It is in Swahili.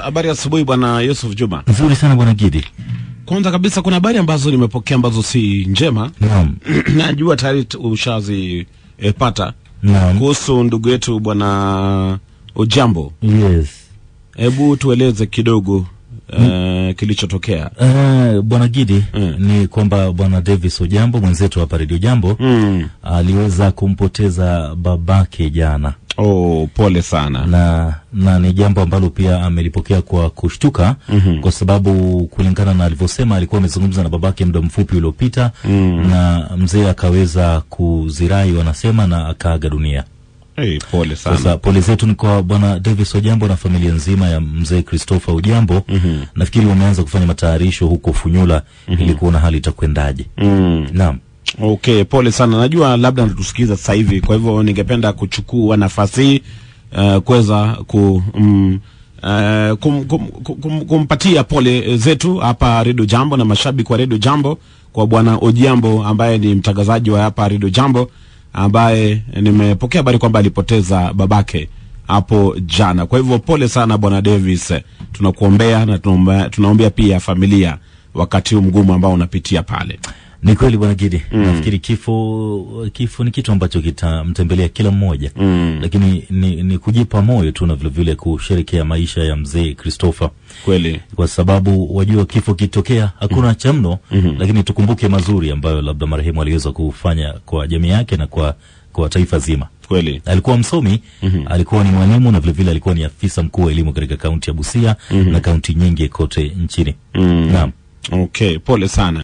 Habari ya asubuhi bwana Yusuf Juma. Nzuri sana bwana Gidi. Kwanza kabisa kuna habari ambazo nimepokea ambazo si njema. Naam. Najua tayari ushazipata. Naam. Kuhusu ndugu yetu bwana Ojambo. Yes. Hebu tueleze kidogo Uh, kilichotokea uh, bwana Gidi mm. Ni kwamba bwana Davis Ojambo mwenzetu hapa redio Jambo aliweza mm. aliweza kumpoteza babake jana Oh, pole sana. Na, na ni jambo ambalo pia amelipokea kwa kushtuka mm -hmm. Kwa sababu kulingana na alivyosema alikuwa amezungumza na babake muda mfupi uliopita mm -hmm. Na mzee akaweza kuzirai wanasema, na akaaga dunia. Hey, pole sana. Sasa pole zetu ni kwa Bwana Davis Ojambo na familia nzima ya mzee Christopher Ojambo. mm -hmm. Nafikiri wameanza kufanya matayarisho huko Funyula mm -hmm. ili kuona hali itakwendaje. mm -hmm. Naam. Okay, pole sana. Najua labda natusikiza sasa hivi, kwa hivyo ningependa kuchukua nafasi hii uh, eh, kuweza ku, um, uh, kum, kum, kum, kumpatia pole zetu hapa Redio Jambo na mashabiki wa Redio Jambo kwa bwana Ojiambo ambaye ni mtangazaji wa hapa Redio Jambo ambaye nimepokea habari kwamba alipoteza babake hapo jana. Kwa hivyo pole sana bwana Davis, tunakuombea na tunaombea pia familia wakati huu mgumu ambao unapitia pale. Ni kweli bwana Gidi, mm. nafikiri kifo kifo ni kitu ambacho kitamtembelea kila mmoja mm. lakini ni, ni kujipa moyo tu na vilevile kusherekea maisha ya mzee Christopher kweli, kwa sababu wajua kifo kitokea hakuna mm. cha mno mm -hmm. lakini tukumbuke mazuri ambayo labda marehemu aliweza kufanya kwa jamii yake na kwa kwa taifa zima. Kweli alikuwa msomi mm -hmm. alikuwa ni mwalimu na vilevile alikuwa ni afisa mkuu wa elimu katika kaunti ya Busia mm -hmm. na kaunti nyingi kote nchini mm Naam, okay, pole sana.